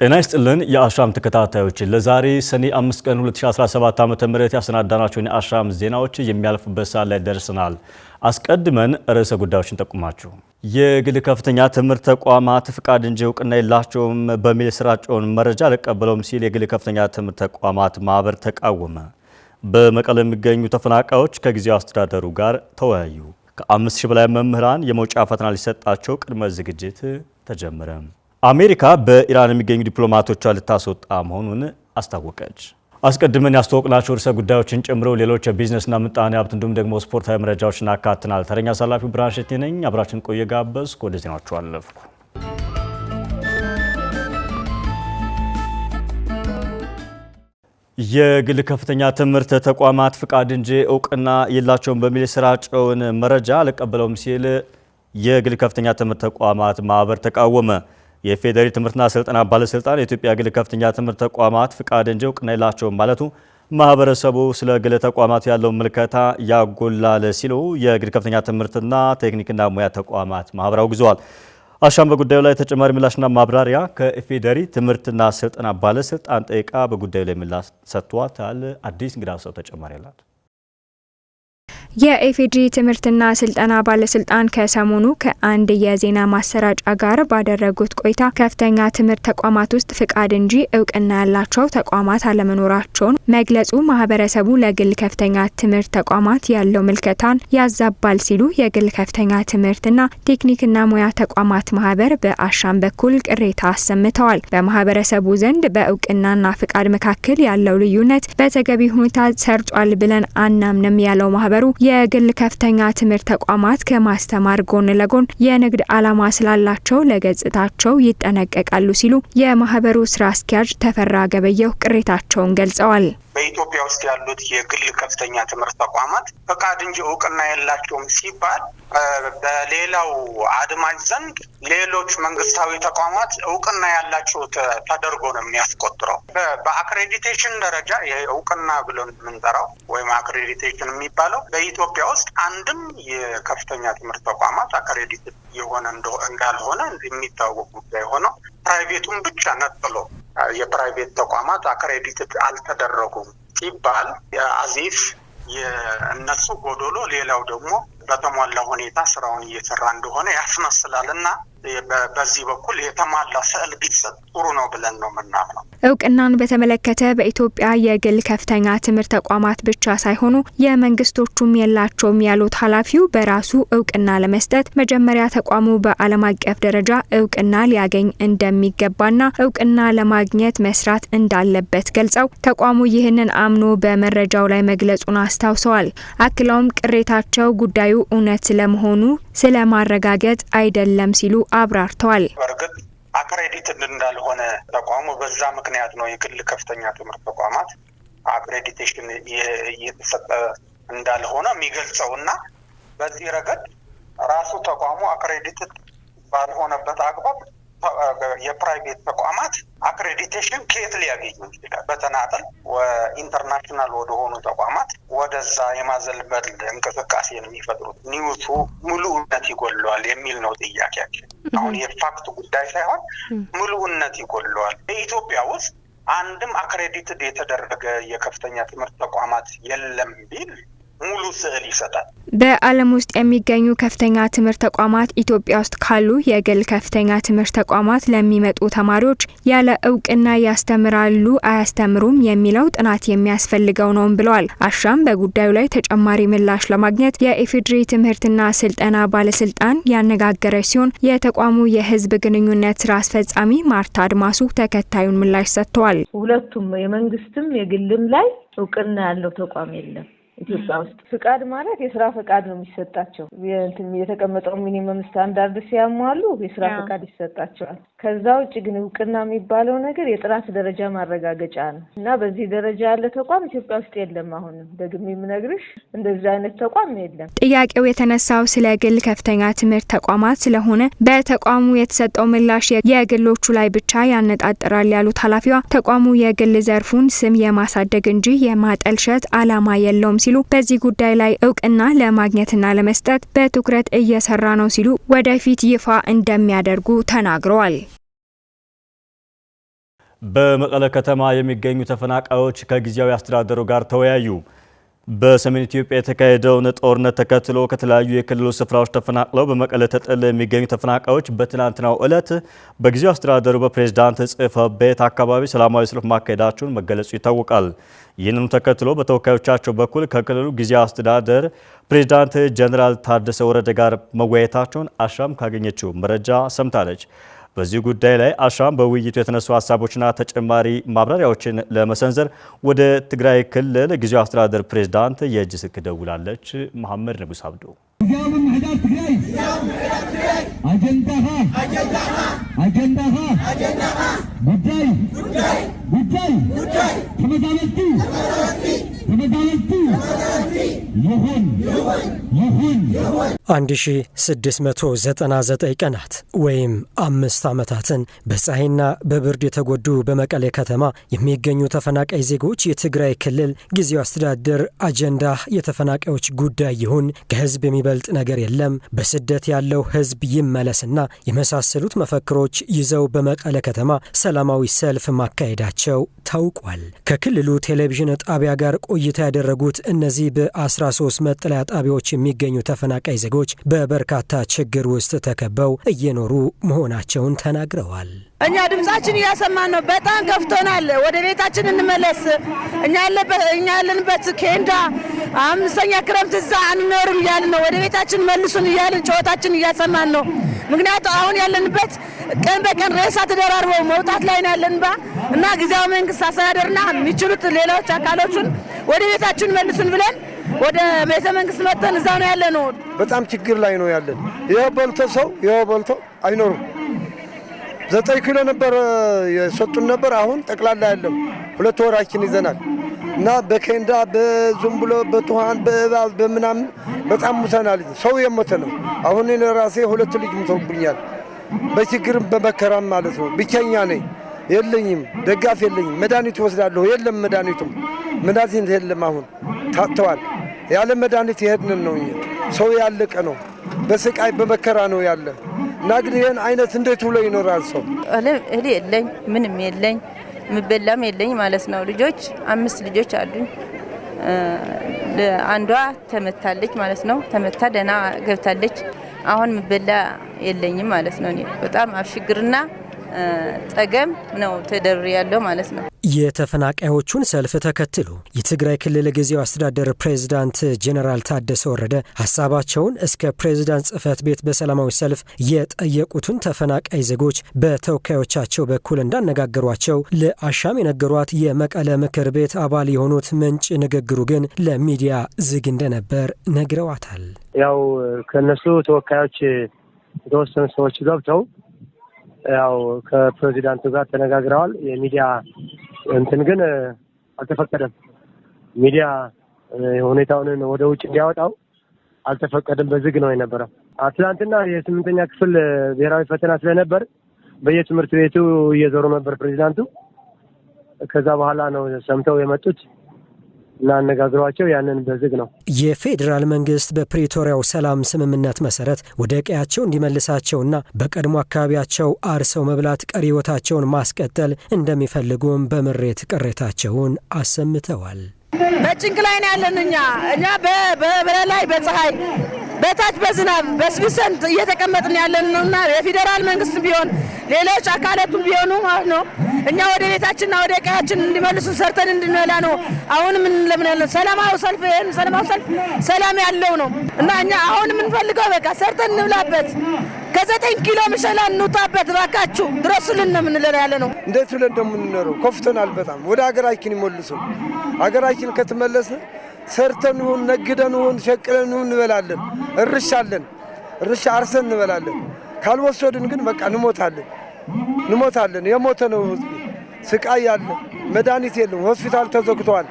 ጤና ይስጥልን የአሻም ተከታታዮች፣ ለዛሬ ሰኔ 5 ቀን 2017 ዓ ም ያሰናዳናቸውን የአሻም ዜናዎች የሚያልፉበት ሰዓት ላይ ደርሰናል። አስቀድመን ርዕሰ ጉዳዮችን ጠቁማችሁ የግል ከፍተኛ ትምህርት ተቋማት ፍቃድ እንጂ እውቅና የላቸውም በሚል የሰራጨውን መረጃ አልቀበለውም ሲል የግል ከፍተኛ ትምህርት ተቋማት ማህበር ተቃወመ። በመቀለ የሚገኙ ተፈናቃዮች ከጊዜያዊ አስተዳደሩ ጋር ተወያዩ። ከ5000 በላይ መምህራን የመውጫ ፈተና ሊሰጣቸው ቅድመ ዝግጅት ተጀመረ። አሜሪካ በኢራን የሚገኙ ዲፕሎማቶቿ ልታስወጣ መሆኑን አስታወቀች። አስቀድመን ያስተዋወቅናቸው ርዕሰ ጉዳዮችን ጨምሮ ሌሎች የቢዝነስና ምጣኔ ሀብት እንዲሁም ደግሞ ስፖርታዊ መረጃዎችን አካትናል። ተረኛ አሳላፊው ብርሃን ነኝ። አብራችን ቆየ ጋበዝኩ። ወደ ዜናዎቹ አለፍኩ። የግል ከፍተኛ ትምህርት ተቋማት ፍቃድ እንጂ እውቅና የላቸውም በሚል የሰራጨውን መረጃ አልቀበለውም ሲል የግል ከፍተኛ ትምህርት ተቋማት ማህበር ተቃወመ። የፌዴሪ ትምህርትና ስልጠና ባለስልጣን የኢትዮጵያ ግል ከፍተኛ ትምህርት ተቋማት ፍቃድ እንጂ እውቅና የላቸውም ማለቱ ማህበረሰቡ ስለ ግል ተቋማት ያለው ምልከታ ያጎላል ሲሉ የግል ከፍተኛ ትምህርትና ቴክኒክና ሙያ ተቋማት ማህበር አውግዘዋል። አሻም በጉዳዩ ላይ ተጨማሪ ምላሽና ማብራሪያ ከኢፌዴሪ ትምህርትና ስልጠና ባለስልጣን ጠይቃ በጉዳዩ ላይ ምላሽ ሰጥቷታል። አዲስ እንግዳ ሰው ተጨማሪ አላት። የኤፌጂ ትምህርትና ስልጠና ባለስልጣን ከሰሞኑ ከአንድ የዜና ማሰራጫ ጋር ባደረጉት ቆይታ ከፍተኛ ትምህርት ተቋማት ውስጥ ፍቃድ እንጂ እውቅና ያላቸው ተቋማት አለመኖራቸውን መግለጹ ማህበረሰቡ ለግል ከፍተኛ ትምህርት ተቋማት ያለው ምልከታን ያዛባል ሲሉ የግል ከፍተኛ ትምህርትና ቴክኒክና ሙያ ተቋማት ማህበር በአሻም በኩል ቅሬታ አሰምተዋል። በማህበረሰቡ ዘንድ በእውቅናና ፍቃድ መካከል ያለው ልዩነት በተገቢ ሁኔታ ሰርጧል ብለን አናምንም ያለው ማህበሩ የግል ከፍተኛ ትምህርት ተቋማት ከማስተማር ጎን ለጎን የንግድ ዓላማ ስላላቸው ለገጽታቸው ይጠነቀቃሉ ሲሉ የማህበሩ ስራ አስኪያጅ ተፈራ ገበየሁ ቅሬታቸውን ገልጸዋል። በኢትዮጵያ ውስጥ ያሉት የግል ከፍተኛ ትምህርት ተቋማት ፈቃድ እንጂ እውቅና የላቸውም ሲባል በሌላው አድማጭ ዘንድ ሌሎች መንግስታዊ ተቋማት እውቅና ያላቸው ተደርጎ ነው የሚያስቆጥረው። በአክሬዲቴሽን ደረጃ እውቅና ብለን የምንጠራው ወይም አክሬዲቴሽን የሚባለው በኢትዮጵያ ውስጥ አንድም የከፍተኛ ትምህርት ተቋማት አክሬዲት የሆነ እንዳልሆነ የሚታወቅ ጉዳይ ሆነው ፕራይቬቱን ብቻ ነጥሎ የፕራይቬት ተቋማት አክሬዲትድ አልተደረጉም ሲባል አዚፍ የእነሱ ጎዶሎ ሌላው ደግሞ በተሟላ ሁኔታ ስራውን እየሰራ እንደሆነ ያስመስላል እና በዚህ በኩል የተሟላ ስዕል ቢሰጥ ጥሩ ነው ብለን ነው የምናምነው። እውቅናን በተመለከተ በኢትዮጵያ የግል ከፍተኛ ትምህርት ተቋማት ብቻ ሳይሆኑ የመንግስቶቹም የላቸውም ያሉት ኃላፊው በራሱ እውቅና ለመስጠት መጀመሪያ ተቋሙ በዓለም አቀፍ ደረጃ እውቅና ሊያገኝ እንደሚገባና እውቅና ለማግኘት መስራት እንዳለበት ገልጸው ተቋሙ ይህንን አምኖ በመረጃው ላይ መግለጹን አስታውሰዋል። አክለውም ቅሬታቸው ጉዳዩ እውነት ለመሆኑ። ስለማረጋገጥ አይደለም ሲሉ አብራርተዋል። በእርግጥ አክሬዲትድ እንዳልሆነ ተቋሙ በዛ ምክንያት ነው የግል ከፍተኛ ትምህርት ተቋማት አክሬዲቴሽን እየተሰጠ እንዳልሆነ የሚገልጸው እና በዚህ ረገድ ራሱ ተቋሙ አክሬዲትድ ባልሆነበት አግባብ የፕራይቬት ተቋማት አክሬዲቴሽን ከየት ሊያገኙ ይችላል? በተናጠል ኢንተርናሽናል ወደሆኑ ተቋማት ወደዛ የማዘልበል እንቅስቃሴ የሚፈጥሩት ኒውሱ ሙሉእነት ይጎለዋል የሚል ነው ጥያቄያችን። አሁን የፋክት ጉዳይ ሳይሆን ሙሉእነት ይጎለዋል። በኢትዮጵያ ውስጥ አንድም አክሬዲትድ የተደረገ የከፍተኛ ትምህርት ተቋማት የለም ቢል ሙሉ ስዕል ይሰጣል። በዓለም ውስጥ የሚገኙ ከፍተኛ ትምህርት ተቋማት ኢትዮጵያ ውስጥ ካሉ የግል ከፍተኛ ትምህርት ተቋማት ለሚመጡ ተማሪዎች ያለ እውቅና ያስተምራሉ አያስተምሩም የሚለው ጥናት የሚያስፈልገው ነውም ብለዋል። አሻም በጉዳዩ ላይ ተጨማሪ ምላሽ ለማግኘት የኢፌዴሪ ትምህርትና ስልጠና ባለስልጣን ያነጋገረች ሲሆን የተቋሙ የህዝብ ግንኙነት ስራ አስፈጻሚ ማርታ አድማሱ ተከታዩን ምላሽ ሰጥተዋል። ሁለቱም የመንግስትም የግልም ላይ እውቅና ያለው ተቋም የለም ኢትዮጵያ ውስጥ ፍቃድ ማለት የስራ ፍቃድ ነው የሚሰጣቸው። የተቀመጠው ሚኒመም ስታንዳርድ ሲያሟሉ የስራ ፍቃድ ይሰጣቸዋል። ከዛ ውጭ ግን እውቅና የሚባለው ነገር የጥራት ደረጃ ማረጋገጫ ነው እና በዚህ ደረጃ ያለ ተቋም ኢትዮጵያ ውስጥ የለም። አሁንም ደግሞ የምነግርሽ እንደዚህ አይነት ተቋም የለም። ጥያቄው የተነሳው ስለ ግል ከፍተኛ ትምህርት ተቋማት ስለሆነ በተቋሙ የተሰጠው ምላሽ የግሎቹ ላይ ብቻ ያነጣጥራል ያሉት ኃላፊዋ ተቋሙ የግል ዘርፉን ስም የማሳደግ እንጂ የማጠልሸት ዓላማ የለውም ሲሉ በዚህ ጉዳይ ላይ እውቅና ለማግኘትና ለመስጠት በትኩረት እየሰራ ነው ሲሉ ወደፊት ይፋ እንደሚያደርጉ ተናግረዋል። በመቀለ ከተማ የሚገኙ ተፈናቃዮች ከጊዜያዊ አስተዳደሩ ጋር ተወያዩ። በሰሜን ኢትዮጵያ የተካሄደውን ጦርነት ተከትሎ ከተለያዩ የክልሉ ስፍራዎች ተፈናቅለው በመቀለ ተጠልለው የሚገኙ ተፈናቃዮች በትናንትናው ዕለት በጊዜው አስተዳደሩ በፕሬዝዳንት ጽሕፈት ቤት አካባቢ ሰላማዊ ሰልፍ ማካሄዳቸውን መገለጹ ይታወቃል። ይህንኑ ተከትሎ በተወካዮቻቸው በኩል ከክልሉ ጊዜያዊ አስተዳደር ፕሬዝዳንት ጀኔራል ታደሰ ወረደ ጋር መወያየታቸውን አሻም ካገኘችው መረጃ ሰምታለች። በዚህ ጉዳይ ላይ አሻም በውይይቱ የተነሱ ሀሳቦችና ተጨማሪ ማብራሪያዎችን ለመሰንዘር ወደ ትግራይ ክልል ጊዜው አስተዳደር ፕሬዝዳንት የእጅ ስልክ ደውላለች። መሐመድ ንጉስ አብዶ ይሁን ይሁን 1699 ቀናት ወይም አምስት ዓመታትን በፀሐይና በብርድ የተጎዱ በመቀሌ ከተማ የሚገኙ ተፈናቃይ ዜጎች የትግራይ ክልል ጊዜው አስተዳደር አጀንዳ የተፈናቃዮች ጉዳይ ይሁን ከህዝብ የሚበልጥ ነገር የለም፣ በስደት ያለው ህዝብ ይመለስና የመሳሰሉት መፈክሮች ይዘው በመቀሌ ከተማ ሰላማዊ ሰልፍ ማካሄዳቸው ታውቋል። ከክልሉ ቴሌቪዥን ጣቢያ ጋር ቆይታ ያደረጉት እነዚህ በ13 መጠለያ ጣቢያዎች የሚገኙ ተፈናቃይ ዜጎች ዜጎች በበርካታ ችግር ውስጥ ተከበው እየኖሩ መሆናቸውን ተናግረዋል። እኛ ድምጻችን እያሰማን ነው። በጣም ከፍቶናል። ወደ ቤታችን እንመለስ። እኛ ያለንበት ኬንዳ አምስተኛ ክረምት እዛ አንኖርም እያልን ነው። ወደ ቤታችን መልሱን እያልን ጨዋታችን እያሰማን ነው። ምክንያቱ አሁን ያለንበት ቀን በቀን ሬሳ ተደራርበው መውጣት ላይ ነው ያለንባ እና ጊዜያዊ መንግስት አስተዳደርና የሚችሉት ሌሎች አካሎቹን ወደ ቤታችን መልሱን ብለን ወደ ቤተ መንግስት መጥተን እዛ ነው ያለ ነው። በጣም ችግር ላይ ነው ያለን። ይኸው በልቶ ሰው ይኸው በልቶ አይኖርም ዘጠኝ ኪሎ ነበር የሰጡን ነበር። አሁን ጠቅላላ ያለው ሁለት ወራችን ይዘናል እና በኬንዳ በዝም ብሎ በቱሃን በእባብ በምናምን በጣም ሙተናል። ሰው የሞተ ነው። አሁን ለራሴ ሁለት ልጅ ሙተውብኛል። በችግርም በመከራም ማለት ነው። ብቸኛ ነኝ። የለኝም፣ ደጋፍ የለኝም። መድኃኒቱ ወስዳለሁ፣ የለም መድኃኒቱም መድኃኒት የለም። አሁን ታጥተዋል። ያለ መድኃኒት የሄድንን ነው። ሰው ያለቀ ነው፣ በስቃይ በመከራ ነው ያለ እና ግን ይህን አይነት እንዴት ውሎ ይኖራል ሰው? እህል የለኝ ምንም የለኝ ምበላም የለኝ ማለት ነው። ልጆች አምስት ልጆች አሉኝ። አንዷ ተመታለች ማለት ነው። ተመታ ደህና ገብታለች። አሁን ምበላ የለኝም ማለት ነው። እኔ በጣም አብሽግርና ጠገም ነው ተደር ያለው ማለት ነው። የተፈናቃዮቹን ሰልፍ ተከትሎ የትግራይ ክልል ጊዜው አስተዳደር ፕሬዝዳንት ጄኔራል ታደሰ ወረደ ሀሳባቸውን እስከ ፕሬዝዳንት ጽህፈት ቤት በሰላማዊ ሰልፍ የጠየቁትን ተፈናቃይ ዜጎች በተወካዮቻቸው በኩል እንዳነጋገሯቸው ለአሻም የነገሯት የመቀለ ምክር ቤት አባል የሆኑት ምንጭ ንግግሩ ግን ለሚዲያ ዝግ እንደነበር ነግረዋታል። ያው ከእነሱ ተወካዮች የተወሰኑ ሰዎች ገብተው ያው ከፕሬዚዳንቱ ጋር ተነጋግረዋል። የሚዲያ እንትን ግን አልተፈቀደም። ሚዲያ ሁኔታውን ወደ ውጭ እንዲያወጣው አልተፈቀደም። በዝግ ነው የነበረው። አትላንትና የስምንተኛ ክፍል ብሔራዊ ፈተና ስለነበር በየትምህርት ቤቱ እየዞሩ ነበር ፕሬዚዳንቱ። ከዛ በኋላ ነው ሰምተው የመጡት። እና ያንን በዝግ ነው። የፌዴራል መንግስት በፕሪቶሪያው ሰላም ስምምነት መሰረት ወደ ቀያቸው እንዲመልሳቸውና በቀድሞ አካባቢያቸው አርሰው መብላት ቀሪ ህይወታቸውን ማስቀጠል እንደሚፈልጉም በምሬት ቅሬታቸውን አሰምተዋል። በጭንቅ ላይ ነው ያለን እኛ እኛ ላይ በፀሐይ በታች በዝናብ በስብሰን እየተቀመጥን ያለን ነውና የፌዴራል መንግስት ቢሆን ሌሎች አካላቱም ቢሆኑ ማለት ነው እኛ ወደ ቤታችንና ወደ ቀያችን እንዲመልሱ ሰርተን እንድንበላ ነው። አሁን ምን ለምናለን? ሰላማዊ ሰልፍ ይህን ሰላማዊ ሰልፍ ሰላም ያለው ነው እና እኛ አሁን የምንፈልገው በቃ ሰርተን እንብላበት፣ ከዘጠኝ ኪሎ ምሸላ እንውጣበት፣ ባካችሁ ድረሱልን ነው የምንለው። ያለ ነው እንዴት ብለን እንደምንኖረው ኮፍተናል በጣም ወደ ሀገራችን ይመልሱ። ሀገራችን ከተመለስ ሰርተን ሁን ነግደን ሁን ሸቅለን ሁን እንበላለን። እርሻለን እርሻ አርሰን እንበላለን። ካልወሰድን ግን በቃ እንሞታለን። እንሞታለን። የሞተ ነው ህዝብ፣ ስቃይ ያለ መድኃኒት የለም። ሆስፒታል ተዘግቷል።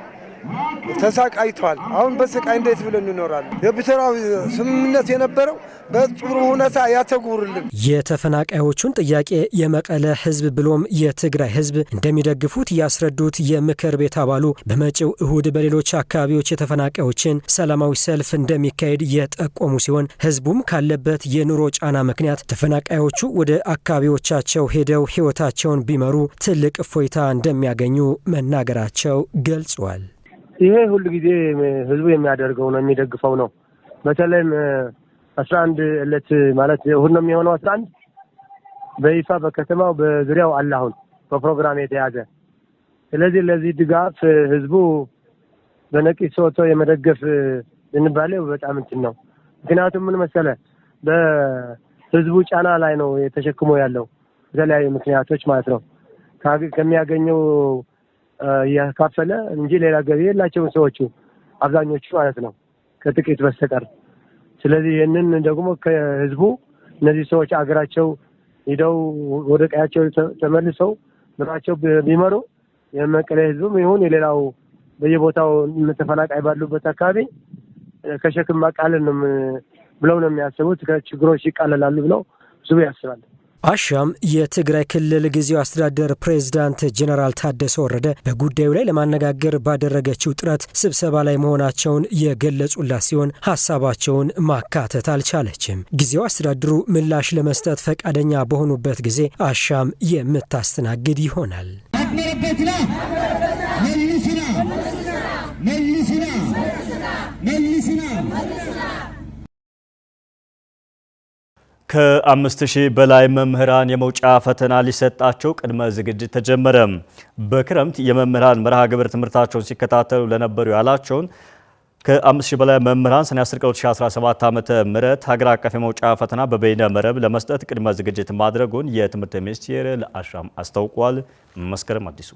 ተሳቃይቷል። አሁን በስቃይ እንዴት ብለን እንኖራለን? የብሰራዊ ስምምነት የነበረው በጥሩ ሁኔታ ያተጉርልን። የተፈናቃዮቹን ጥያቄ የመቀለ ህዝብ ብሎም የትግራይ ህዝብ እንደሚደግፉት ያስረዱት የምክር ቤት አባሉ በመጪው እሁድ በሌሎች አካባቢዎች የተፈናቃዮችን ሰላማዊ ሰልፍ እንደሚካሄድ የጠቆሙ ሲሆን ህዝቡም ካለበት የኑሮ ጫና ምክንያት ተፈናቃዮቹ ወደ አካባቢዎቻቸው ሄደው ህይወታቸውን ቢመሩ ትልቅ እፎይታ እንደሚያገኙ መናገራቸው ገልጿል። ይሄ ሁል ጊዜ ህዝቡ የሚያደርገው ነው የሚደግፈው ነው። በተለይም አስራ አንድ እለት ማለት እሁድ ነው የሚሆነው አስራ አንድ በይፋ በከተማው በዙሪያው አለ አሁን በፕሮግራም የተያዘ ስለዚህ ለዚህ ድጋፍ ህዝቡ በነቂስ ወጥቶ የመደገፍ ዝንባሌው በጣም እንትን ነው። ምክንያቱም ምን መሰለ በህዝቡ ጫና ላይ ነው የተሸክሞ ያለው በተለያዩ ምክንያቶች ማለት ነው ከሚያገኘው እያካፈለ እንጂ ሌላ ገቢ የላቸውም ሰዎቹ አብዛኞቹ ማለት ነው ከጥቂት በስተቀር። ስለዚህ ይህንን ደግሞ ከህዝቡ እነዚህ ሰዎች አገራቸው ሂደው ወደ ቀያቸው ተመልሰው ምራቸው ቢመሩ የመቀሌ ህዝብም ይሁን የሌላው በየቦታው ተፈናቃይ ባሉበት አካባቢ ከሸክም ማቃለል ብለው ነው የሚያስቡት። ከችግሮች ይቃለላሉ ብለው ብዙ ያስባል። አሻም የትግራይ ክልል ጊዜው አስተዳደር ፕሬዝዳንት ጀነራል ታደሰ ወረደ በጉዳዩ ላይ ለማነጋገር ባደረገችው ጥረት ስብሰባ ላይ መሆናቸውን የገለጹላት ሲሆን ሀሳባቸውን ማካተት አልቻለችም። ጊዜው አስተዳድሩ ምላሽ ለመስጠት ፈቃደኛ በሆኑበት ጊዜ አሻም የምታስተናግድ ይሆናል። ከአምስት ሺህ በላይ መምህራን የመውጫ ፈተና ሊሰጣቸው ቅድመ ዝግጅት ተጀመረ። በክረምት የመምህራን መርሃ ግብር ትምህርታቸውን ሲከታተሉ ለነበሩ ያላቸውን ከአምስት ሺህ በላይ መምህራን ሰኔ 10 ቀን 2017 ዓ ምህረት ሀገር አቀፍ የመውጫ ፈተና በበይነ መረብ ለመስጠት ቅድመ ዝግጅት ማድረጉን የትምህርት ሚኒስቴር ለአሻም አስታውቋል። መስከረም አዲሱ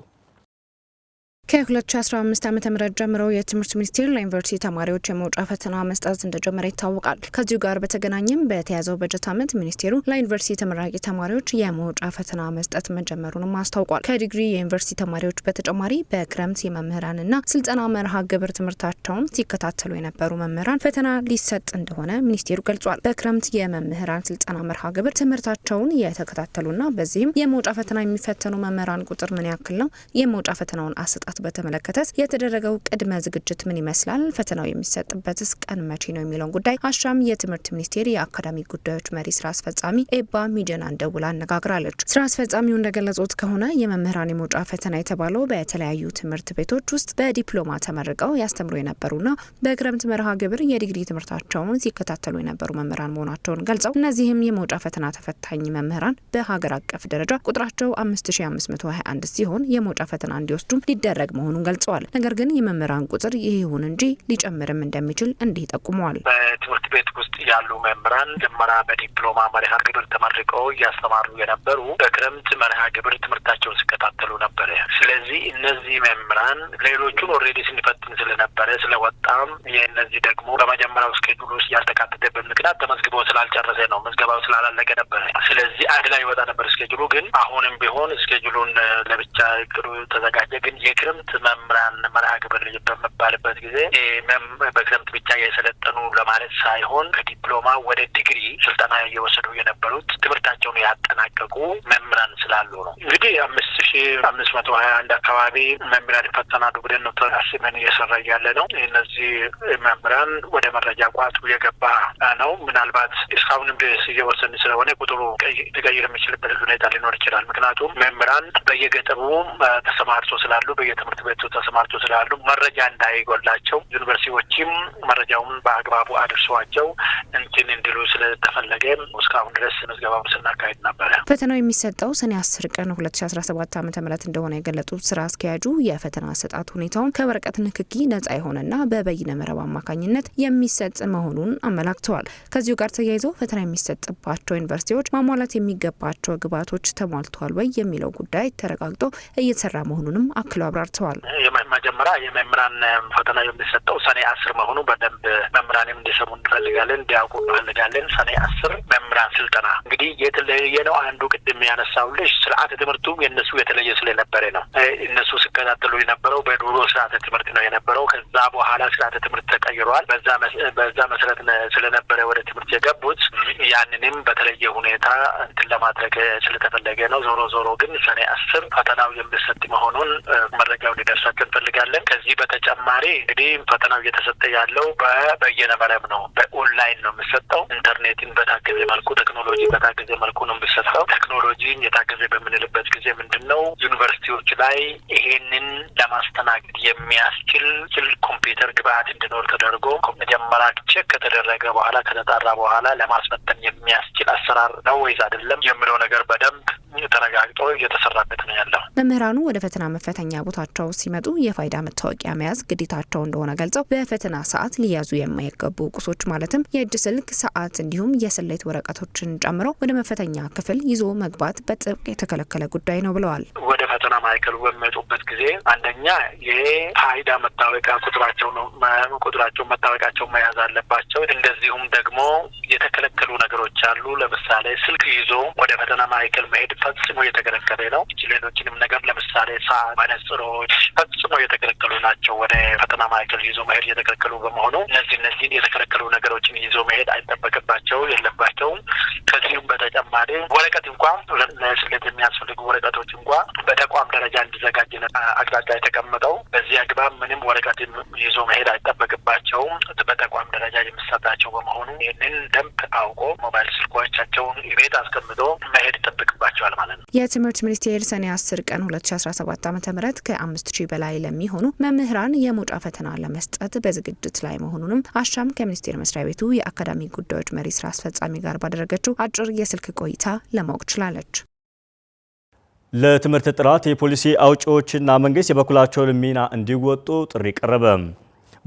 ከ2015 ዓ ም ጀምሮ የትምህርት ሚኒስቴር ለዩኒቨርሲቲ ተማሪዎች የመውጫ ፈተና መስጠት እንደጀመረ ይታወቃል። ከዚሁ ጋር በተገናኘም በተያዘው በጀት ዓመት ሚኒስቴሩ ለዩኒቨርሲቲ ተመራቂ ተማሪዎች የመውጫ ፈተና መስጠት መጀመሩንም አስታውቋል። ከዲግሪ የዩኒቨርሲቲ ተማሪዎች በተጨማሪ በክረምት የመምህራንና ስልጠና መርሃ ግብር ትምህርታቸውን ሲከታተሉ የነበሩ መምህራን ፈተና ሊሰጥ እንደሆነ ሚኒስቴሩ ገልጿል። በክረምት የመምህራን ስልጠና መርሃ ግብር ትምህርታቸውን የተከታተሉና በዚህም የመውጫ ፈተና የሚፈተኑ መምህራን ቁጥር ምን ያክል ነው? የመውጫ ፈተናውን አሰጣት በተመለከተ የተደረገው ቅድመ ዝግጅት ምን ይመስላል? ፈተናው የሚሰጥበትስ ቀን መቼ ነው የሚለውን ጉዳይ አሻም የትምህርት ሚኒስቴር የአካዳሚ ጉዳዮች መሪ ስራ አስፈጻሚ ኤባ ሚደናን ደውላ አነጋግራለች። ስራ አስፈጻሚው እንደገለጹት ከሆነ የመምህራን የመውጫ ፈተና የተባለው በተለያዩ ትምህርት ቤቶች ውስጥ በዲፕሎማ ተመርቀው ያስተምሩ የነበሩና በክረምት መርሃ ግብር የዲግሪ ትምህርታቸውን ሲከታተሉ የነበሩ መምህራን መሆናቸውን ገልጸው እነዚህም የመውጫ ፈተና ተፈታኝ መምህራን በሀገር አቀፍ ደረጃ ቁጥራቸው 5521 ሲሆን የመውጫ ፈተና እንዲወስዱም ሊደረግ የሚደረግ መሆኑን ገልጸዋል። ነገር ግን የመምህራን ቁጥር ይህ ይሁን እንጂ ሊጨምርም እንደሚችል እንዲህ ጠቁመዋል። በትምህርት ቤት ውስጥ ያሉ መምህራን ጀመራ በዲፕሎማ መርሃ ግብር ተመርቀው እያስተማሩ የነበሩ በክረምት መርሃ ግብር ትምህርታቸውን ሲከታተሉ ነበረ። ስለዚህ እነዚህ መምህራን ሌሎቹን ኦልሬዲ ስንፈትን ስለነበረ ስለወጣም የእነዚህ ደግሞ በመጀመሪያው እስኬጁል ውስጥ ያልተካተተበት ምክንያት ተመዝግቦ ስላልጨረሰ ነው። ምዝገባው ስላላለቀ ነበረ። ስለዚህ አንድ ላይ ይወጣ ነበር ስኬጁሉ። ግን አሁንም ቢሆን ስኬጁሉን ለብቻ እቅዱ ተዘጋጀ። ግን የክረምት ክረምት መምህራን መርሃ ግብር በምባልበት ጊዜ በክረምት ብቻ የሰለጠኑ ለማለት ሳይሆን ከዲፕሎማ ወደ ዲግሪ ስልጠና እየወሰዱ የነበሩት ትምህርታቸውን ያጠናቀቁ መምህራን ስላሉ ነው። እንግዲህ አምስት ሺ አምስት መቶ ሀያ አንድ አካባቢ መምህራን ይፈተናሉ ብለን ነው አስበን እየሰራ እያለ ነው። እነዚህ መምህራን ወደ መረጃ ቋቱ የገባ ነው። ምናልባት እስካሁንም ድረስ እየወሰን ስለሆነ ቁጥሩ ሊቀይር የሚችልበት ሁኔታ ሊኖር ይችላል። ምክንያቱም መምህራን በየገጠሩ ተሰማርቶ ስላሉ በየተ ትምህርት ቤቱ ተሰማርቶ ስላሉ መረጃ እንዳይጎላቸው ዩኒቨርሲቲዎችም መረጃውን በአግባቡ አድርሰዋቸው እንትን እንዲሉ ስለተፈለገ እስካሁን ድረስ ምዝገባው ስናካሄድ ነበረ። ፈተናው የሚሰጠው ሰኔ አስር ቀን ሁለት ሺ አስራ ሰባት ዓመተ ምህረት እንደሆነ የገለጡት ስራ አስኪያጁ የፈተና አሰጣት ሁኔታውን ከወረቀት ንክኪ ነጻ የሆነና በበይነ መረብ አማካኝነት የሚሰጥ መሆኑን አመላክተዋል። ከዚሁ ጋር ተያይዘው ፈተና የሚሰጥባቸው ዩኒቨርሲቲዎች ማሟላት የሚገባቸው ግብዓቶች ተሟልተዋል ወይ የሚለው ጉዳይ ተረጋግጦ እየተሰራ መሆኑንም አክለው አብራር አብራርተዋል። መጀመሪያ የመምህራን ፈተና የሚሰጠው ሰኔ አስር መሆኑ በደንብ መምህራንም እንዲሰሙ እንፈልጋለን፣ እንዲያውቁ እንፈልጋለን። ሰኔ አስር መምህራን ስልጠና እንግዲህ የተለየ ነው። አንዱ ቅድም ያነሳው ልጅ ስርዓተ ትምህርቱ የእነሱ የተለየ ስለነበረ ነው። እነሱ ሲከታተሉ የነበረው በድሮ ስርዓተ ትምህርት ነው የነበረው። ከዛ በኋላ ስርዓተ ትምህርት ተቀይረዋል። በዛ መሰረት ስለነበረ ወደ ትምህርት የገቡት ያንንም በተለየ ሁኔታ እንትን ለማድረግ ስለተፈለገ ነው። ዞሮ ዞሮ ግን ሰኔ አስር ፈተናው የሚሰጥ መሆኑን መረ መረጃው እንዲደርሳቸው እንፈልጋለን። ከዚህ በተጨማሪ እንግዲህ ፈተናው እየተሰጠ ያለው በበየነ መረብ ነው። በኦንላይን ነው የምሰጠው ኢንተርኔትን በታገዘ መልኩ፣ ቴክኖሎጂ በታገዘ መልኩ ነው የምሰጠው። ቴክኖሎጂን የታገዘ በምንልበት ጊዜ ምንድን ነው ዩኒቨርሲቲዎች ላይ ይሄንን ለማስተናገድ የሚያስችል ኮምፒውተር ግብአት እንዲኖር ተደርጎ መጀመሪያ ቼክ ከተደረገ በኋላ ከተጣራ በኋላ ለማስመጠን የሚያስችል አሰራር ነው ወይስ አይደለም የሚለው ነገር በደንብ ተረጋግጦ እየተሰራበት ነው ያለው። መምህራኑ ወደ ፈተና መፈተኛ ቦታቸው ሲመጡ የፋይዳ መታወቂያ መያዝ ግዴታቸው እንደሆነ ገልጸው በፈተና ሰዓት ሊያዙ የማይገቡ ቁሶች ማለትም የእጅ ስልክ፣ ሰዓት እንዲሁም የስሌት ወረቀቶችን ጨምሮ ወደ መፈተኛ ክፍል ይዞ መግባት በጥብቅ የተከለከለ ጉዳይ ነው ብለዋል። ወደ ፈተና ማዕከሉ በሚመጡበት ጊዜ አንደኛ የፋይዳ መታወቂያ ቁጥራቸው ነው ቁጥራቸው መታወቂያቸው መያዝ አለባቸው። እንደዚሁም ደግሞ የተከለከሉ ነገሮች አሉ። ለምሳሌ ስልክ ይዞ ወደ ፈተና ማዕከል መሄድ ፈጽሞ እየተከለከለ ነው። ሌሎችንም ነገር ለምሳሌ ሳ መነጽሮች ፈጽሞ እየተከለከሉ ናቸው። ወደ ፈተና ማዕከል ይዞ መሄድ እየተከለከሉ በመሆኑ እነዚህ እነዚህን የተከለከሉ ነገሮችን ይዞ መሄድ አይጠበቅባቸው የለባቸውም። ከዚሁም በተጨማሪ ወረቀት እንኳን ለስሌት የሚያስፈልጉ ወረቀቶች እንኳ በተቋም ደረጃ እንዲዘጋጅ አቅጣጫ የተቀመጠው በዚህ አግባብ ምንም ወረቀት ይዞ መሄድ አይጠበቅባቸውም። በተቋም ደረጃ የምሰጣቸው በመሆኑ ይህንን ደንብ አውቆ ሞባይል ስልኮቻቸውን ቤት አስቀምጦ መሄድ ይጠብቅባቸዋል ማለት ነው። የትምህርት ሚኒስቴር ሰኔ አስር ቀን ሁለት ሺ አስራ ሰባት ዓመተ ምህረት ከአምስት ሺህ በላይ ለሚሆኑ መምህራን የመውጫ ፈተና ለመስጠት በዝግጅት ላይ መሆኑንም አሻም ከሚኒስቴር መስሪያ ቤቱ የአካዳሚ ጉዳዮች መሪ ስራ አስፈጻሚ ጋር ባደረገችው አጭር የስልክ ቆይታ ለማወቅ ችላለች። ለትምህርት ጥራት የፖሊሲ አውጪዎችና መንግስት የበኩላቸውን ሚና እንዲወጡ ጥሪ ቀረበ።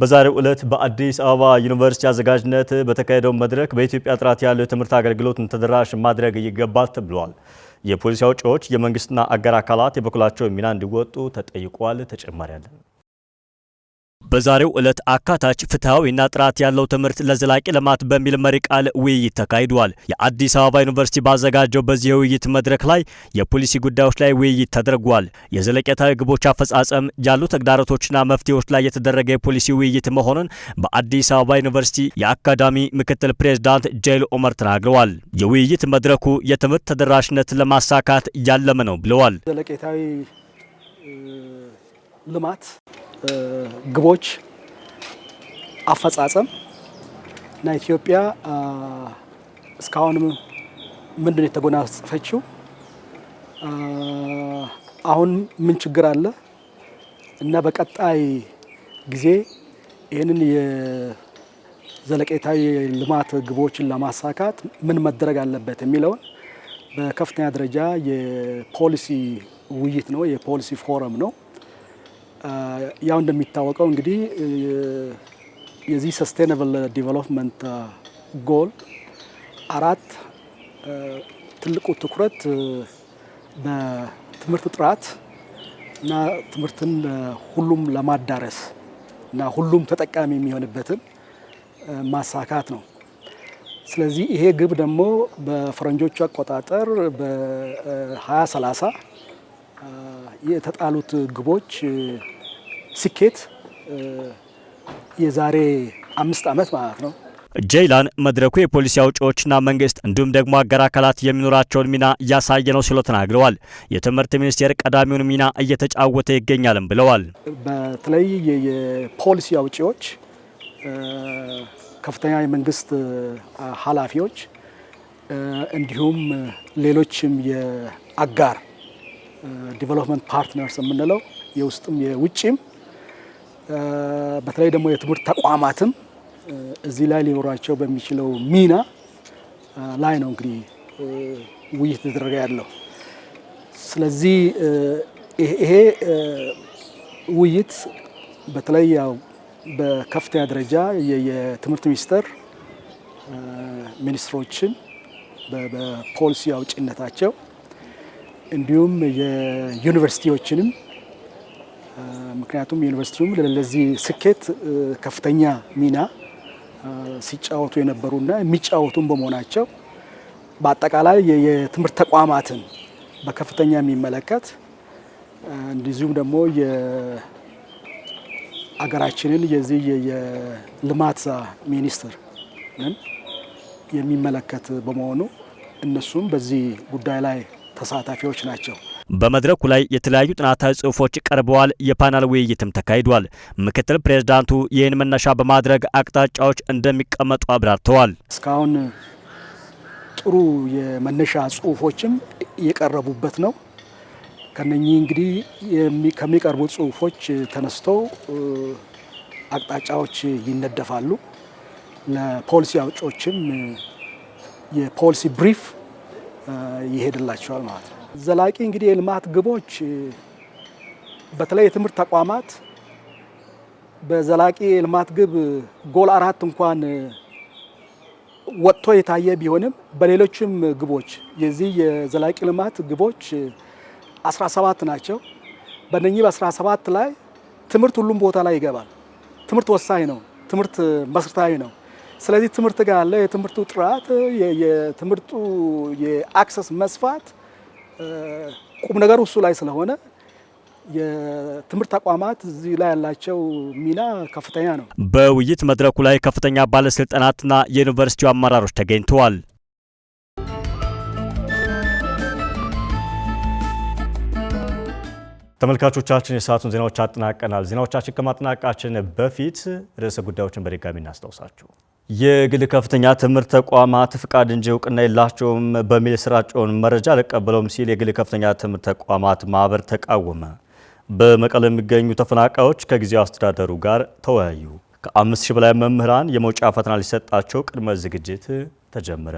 በዛሬው ዕለት በአዲስ አበባ ዩኒቨርሲቲ አዘጋጅነት በተካሄደው መድረክ በኢትዮጵያ ጥራት ያለው የትምህርት አገልግሎትን ተደራሽ ማድረግ ይገባል ተብሏል። የፖሊሲ አውጪዎች፣ የመንግስትና አገር አካላት የበኩላቸውን ሚና እንዲወጡ ተጠይቋል። ተጨማሪ አለን። በዛሬው ዕለት አካታች ፍትሐዊና ጥራት ያለው ትምህርት ለዘላቂ ልማት በሚል መሪ ቃል ውይይት ተካሂዷል። የአዲስ አበባ ዩኒቨርሲቲ ባዘጋጀው በዚህ የውይይት መድረክ ላይ የፖሊሲ ጉዳዮች ላይ ውይይት ተደርጓል። የዘለቄታዊ ግቦች አፈጻጸም ያሉ ተግዳሮቶችና መፍትሄዎች ላይ የተደረገ የፖሊሲ ውይይት መሆኑን በአዲስ አበባ ዩኒቨርሲቲ የአካዳሚ ምክትል ፕሬዝዳንት ጀይል ኦመር ተናግረዋል። የውይይት መድረኩ የትምህርት ተደራሽነት ለማሳካት ያለመ ነው ብለዋል። ዘለቄታዊ ልማት ግቦች አፈጻጸም እና ኢትዮጵያ እስካሁን ምንድን የተጎናጸፈችው፣ አሁን ምን ችግር አለ እና በቀጣይ ጊዜ ይህንን የዘለቄታዊ ልማት ግቦችን ለማሳካት ምን መደረግ አለበት የሚለውን በከፍተኛ ደረጃ የፖሊሲ ውይይት ነው፣ የፖሊሲ ፎረም ነው። ያው እንደሚታወቀው እንግዲህ የዚህ ሰስቴናብል ዲቨሎፕመንት ጎል አራት ትልቁ ትኩረት በትምህርት ጥራት እና ትምህርትን ሁሉም ለማዳረስ እና ሁሉም ተጠቃሚ የሚሆንበትን ማሳካት ነው። ስለዚህ ይሄ ግብ ደግሞ በፈረንጆቹ አቆጣጠር በ2030 የተጣሉት ግቦች ስኬት የዛሬ አምስት ዓመት ማለት ነው። ጀይላን መድረኩ የፖሊሲ አውጪዎችና መንግስት እንዲሁም ደግሞ አገር አካላት የሚኖራቸውን ሚና እያሳየ ነው ሲሉ ተናግረዋል። የትምህርት ሚኒስቴር ቀዳሚውን ሚና እየተጫወተ ይገኛልም ብለዋል። በተለይ የፖሊሲ አውጪዎች፣ ከፍተኛ የመንግስት ኃላፊዎች እንዲሁም ሌሎችም የአጋር ዲቨሎፕመንት ፓርትነርስ የምንለው የውስጥም የውጭም በተለይ ደግሞ የትምህርት ተቋማትም እዚህ ላይ ሊኖራቸው በሚችለው ሚና ላይ ነው እንግዲህ ውይይት ተደረገ ያለው። ስለዚህ ይሄ ውይይት በተለይ ያው በከፍተኛ ደረጃ የትምህርት ሚኒስቴር ሚኒስትሮችን በፖሊሲ አውጭነታቸው እንዲሁም የዩኒቨርሲቲዎችንም ምክንያቱም ዩኒቨርሲቲውም ለዚህ ስኬት ከፍተኛ ሚና ሲጫወቱ የነበሩና የሚጫወቱም በመሆናቸው በአጠቃላይ የትምህርት ተቋማትን በከፍተኛ የሚመለከት እንዲሁም ደግሞ የአገራችንን የዚህ የልማት ሚኒስትር የሚመለከት በመሆኑ እነሱም በዚህ ጉዳይ ላይ ተሳታፊዎች ናቸው። በመድረኩ ላይ የተለያዩ ጥናታዊ ጽሁፎች ቀርበዋል። የፓናል ውይይትም ተካሂዷል። ምክትል ፕሬዝዳንቱ ይህን መነሻ በማድረግ አቅጣጫዎች እንደሚቀመጡ አብራርተዋል። እስካሁን ጥሩ የመነሻ ጽሁፎችም የቀረቡበት ነው። ከነኚህ እንግዲህ ከሚቀርቡ ጽሁፎች ተነስተው አቅጣጫዎች ይነደፋሉ። ለፖሊሲ አውጮችም የፖሊሲ ብሪፍ ይሄድላቸዋል ማለት ነው። ዘላቂ እንግዲህ የልማት ግቦች በተለይ የትምህርት ተቋማት በዘላቂ የልማት ግብ ጎል አራት እንኳን ወጥቶ የታየ ቢሆንም በሌሎችም ግቦች የዚህ የዘላቂ ልማት ግቦች 17 ናቸው። በእነኚህ በ17 ላይ ትምህርት ሁሉም ቦታ ላይ ይገባል። ትምህርት ወሳኝ ነው። ትምህርት መስርታዊ ነው። ስለዚህ ትምህርት ጋር አለ። የትምህርቱ ጥራት፣ የትምህርቱ የአክሰስ መስፋት ቁም ነገሩ እሱ ላይ ስለሆነ የትምህርት ተቋማት እዚህ ላይ ያላቸው ሚና ከፍተኛ ነው። በውይይት መድረኩ ላይ ከፍተኛ ባለስልጣናትና የዩኒቨርሲቲው አመራሮች ተገኝተዋል። ተመልካቾቻችን የሰዓቱን ዜናዎች አጠናቀናል። ዜናዎቻችን ከማጠናቀቃችን በፊት ርዕሰ ጉዳዮችን በድጋሚ እናስታውሳችሁ። የግል ከፍተኛ ትምህርት ተቋማት ፍቃድ እንጂ እውቅና የላቸውም በሚል የሰራጨውን መረጃ አልቀበለውም ሲል የግል ከፍተኛ ትምህርት ተቋማት ማህበር ተቃወመ። በመቀለ የሚገኙ ተፈናቃዮች ከጊዜያዊ አስተዳደሩ ጋር ተወያዩ። ከአምስት ሺህ በላይ መምህራን የመውጫ ፈተና ሊሰጣቸው ቅድመ ዝግጅት ተጀመረ።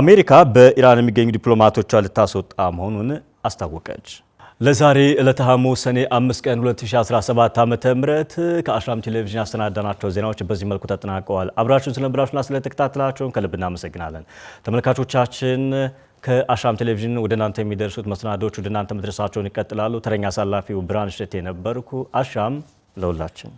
አሜሪካ በኢራን የሚገኙ ዲፕሎማቶቿ ልታስወጣ መሆኑን አስታወቀች። ለዛሬ ዕለተ ሐሙስ ሰኔ 5 ቀን 2017 ም ከአሻም ቴሌቪዥን ያሰናዳናቸው ዜናዎች በዚህ መልኩ ተጠናቀዋል። አብራችሁን ስለነበራችሁና ስለተከታተላችሁን ከልብ እናመሰግናለን። ተመልካቾቻችን ከአሻም ቴሌቪዥን ወደ እናንተ የሚደርሱት መሰናዶዎች ወደ እናንተ መድረሳቸውን ይቀጥላሉ። ተረኛ አሳላፊው ብርሃን እሸቴ ነበርኩ። አሻም ለሁላችን!